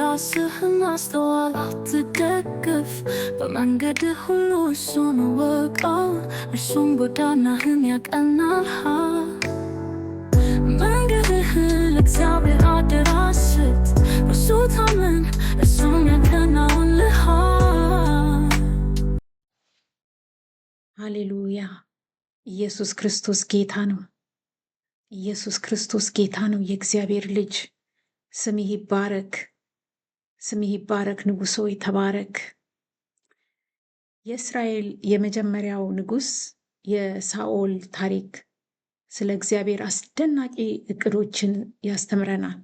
ራስህን አስተዋል፣ አትደገፍ በመንገድህ ሁሉ እሱን ወቀው፣ እርሱም ጎዳናህን ያቀናልሃል። መንገድህን ለእግዚአብሔር አደራ ስጥ፣ እርሱ ታመን፣ እርሱም ያከናውንልሃል። ሃሌሉያ! ኢየሱስ ክርስቶስ ጌታ ነው። ኢየሱስ ክርስቶስ ጌታ ነው፣ የእግዚአብሔር ልጅ ስምህ ይባረክ፣ ስምህ ይባረክ፣ ንጉሶ ተባረክ። የእስራኤል የመጀመሪያው ንጉስ የሳኦል ታሪክ ስለ እግዚአብሔር አስደናቂ እቅዶችን ያስተምረናል።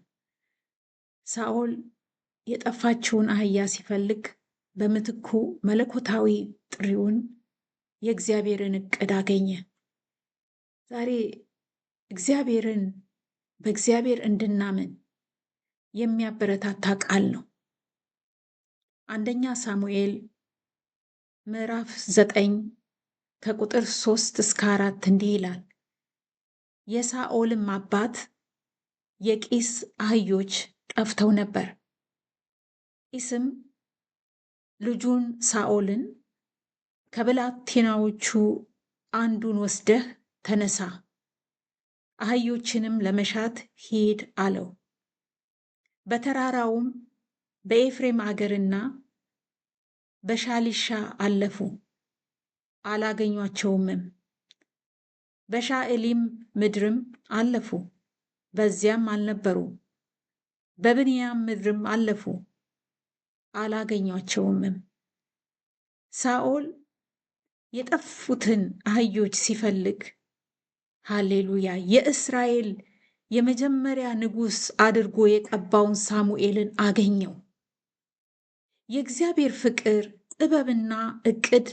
ሳኦል የጠፋችውን አህያ ሲፈልግ በምትኩ መለኮታዊ ጥሪውን የእግዚአብሔርን እቅድ አገኘ። ዛሬ እግዚአብሔርን በእግዚአብሔር እንድናምን የሚያበረታታ ቃል ነው። አንደኛ ሳሙኤል ምዕራፍ ዘጠኝ ከቁጥር ሶስት እስከ አራት እንዲህ ይላል የሳኦልም አባት የቂስ አህዮች ጠፍተው ነበር። ቂስም ልጁን ሳኦልን ከብላቴናዎቹ አንዱን ወስደህ ተነሳ፣ አህዮችንም ለመሻት ሂድ አለው። በተራራውም በኤፍሬም አገርና በሻሊሻ አለፉ፣ አላገኟቸውምም። በሻዕሊም ምድርም አለፉ፣ በዚያም አልነበሩ። በብንያም ምድርም አለፉ፣ አላገኟቸውምም። ሳኦል የጠፉትን አህዮች ሲፈልግ፣ ሃሌሉያ የእስራኤል የመጀመሪያ ንጉሥ አድርጎ የቀባውን ሳሙኤልን አገኘው። የእግዚአብሔር ፍቅር ጥበብና እቅድ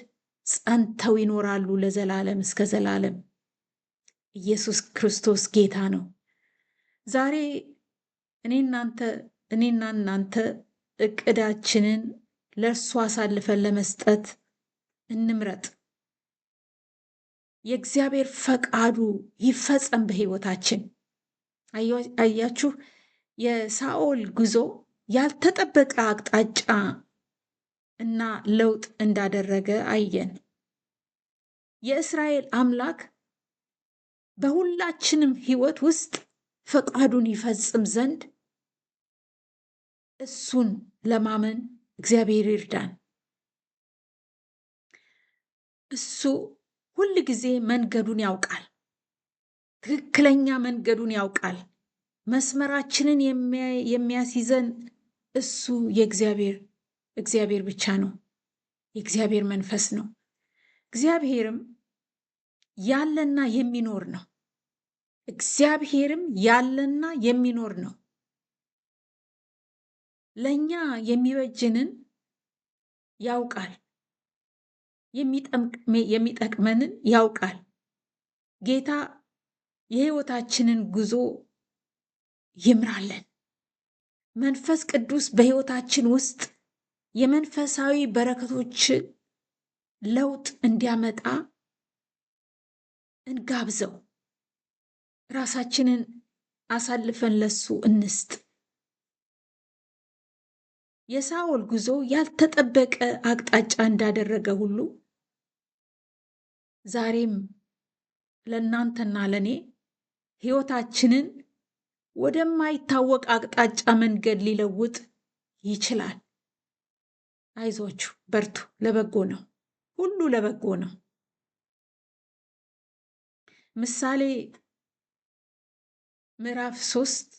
ጸንተው ይኖራሉ ለዘላለም እስከ ዘላለም። ኢየሱስ ክርስቶስ ጌታ ነው። ዛሬ እኔናንተ እኔና እናንተ እቅዳችንን ለእርሱ አሳልፈን ለመስጠት እንምረጥ። የእግዚአብሔር ፈቃዱ ይፈጸም በሕይወታችን። አያችሁ የሳኦል ጉዞ ያልተጠበቀ አቅጣጫ እና ለውጥ እንዳደረገ አየን። የእስራኤል አምላክ በሁላችንም ሕይወት ውስጥ ፈቃዱን ይፈጽም ዘንድ እሱን ለማመን እግዚአብሔር ይርዳን። እሱ ሁል ጊዜ መንገዱን ያውቃል። ትክክለኛ መንገዱን ያውቃል። መስመራችንን የሚያስይዘን እሱ የእግዚአብሔር እግዚአብሔር ብቻ ነው። የእግዚአብሔር መንፈስ ነው። እግዚአብሔርም ያለና የሚኖር ነው። እግዚአብሔርም ያለና የሚኖር ነው። ለእኛ የሚበጅንን ያውቃል። የሚጠቅመንን ያውቃል። ጌታ የህይወታችንን ጉዞ ይምራለን። መንፈስ ቅዱስ በህይወታችን ውስጥ የመንፈሳዊ በረከቶች ለውጥ እንዲያመጣ እንጋብዘው። ራሳችንን አሳልፈን ለሱ እንስጥ። የሳውል ጉዞ ያልተጠበቀ አቅጣጫ እንዳደረገ ሁሉ ዛሬም ለእናንተና ለእኔ ሕይወታችንን ወደማይታወቅ አቅጣጫ መንገድ ሊለውጥ ይችላል። አይዞቹ፣ በርቱ። ለበጎ ነው። ሁሉ ለበጎ ነው። ምሳሌ ምዕራፍ ሶስት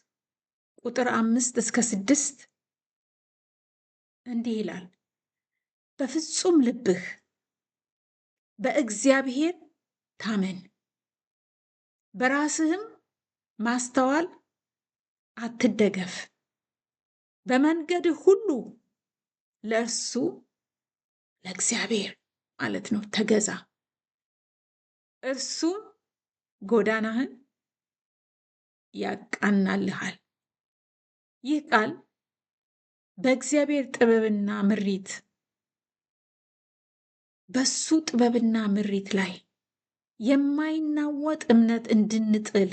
ቁጥር አምስት እስከ ስድስት እንዲህ ይላል በፍጹም ልብህ በእግዚአብሔር ታመን በራስህም ማስተዋል አትደገፍ፣ በመንገድ ሁሉ ለእርሱ ለእግዚአብሔር ማለት ነው ተገዛ፣ እርሱም ጎዳናህን ያቃናልሃል። ይህ ቃል በእግዚአብሔር ጥበብና ምሪት በሱ ጥበብና ምሪት ላይ የማይናወጥ እምነት እንድንጥል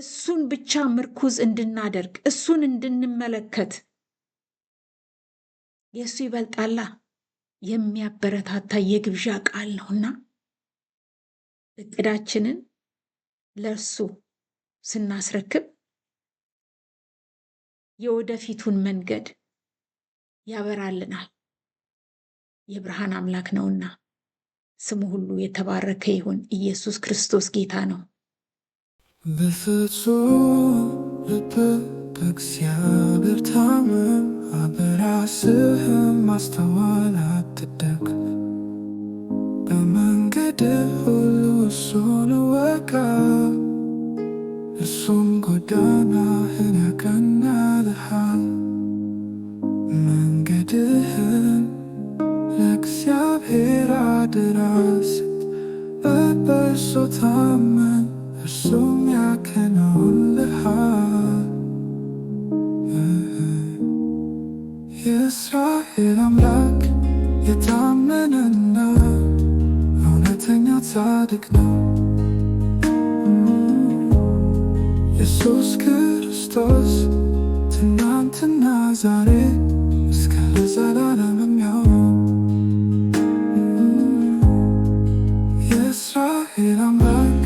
እሱን ብቻ ምርኩዝ እንድናደርግ እሱን እንድንመለከት የእሱ ይበልጣላ የሚያበረታታ የግብዣ ቃል ነውና እቅዳችንን ለእርሱ ስናስረክብ የወደፊቱን መንገድ ያበራልናል። የብርሃን አምላክ ነውና ስሙ ሁሉ የተባረከ ይሁን። ኢየሱስ ክርስቶስ ጌታ ነው። በፍጹም ልብ በእግዚአብሔር ታመን፣ በራስህም ማስተዋል አትደግ። በመንገድ ሁሉ እሱን እወቅ፣ እርሱም ጎዳናህን ያቀናልሃል። መንገድህን ለእግዚአብሔር አደራ ስጥ፣ በእርሱ ታመን የእስራኤል አምላክ የታመነና እውነተኛ ጻድቅ ነው። ኢየሱስ ክርስቶስ ትናንትና ዛሬ እስከ ዘላለም የሚሆን የእስራኤል አምላክ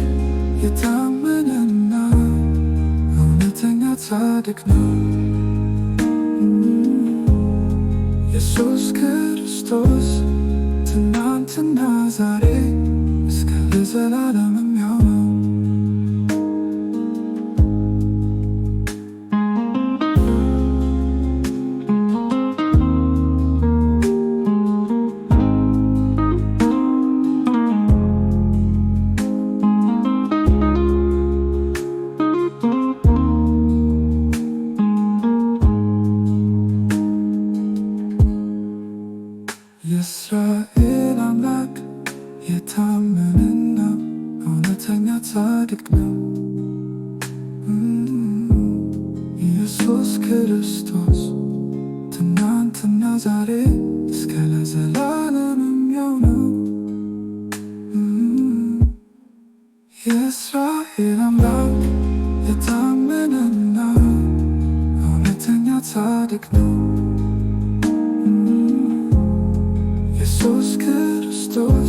የታመነና እውነተኛ ጻድቅ ነው። ኢየሱስ ክርስቶስ ትናንትና ዛሬ እስከ ዘላለም ኢየሱስ ክርስቶስ ትናንትና ዛሬ እስከ ለዘላለም ያው ነው። የእስራኤል አምላክ የታመነና እውነተኛ ጻድቅ ነው። ኢየሱስ ክርስቶስ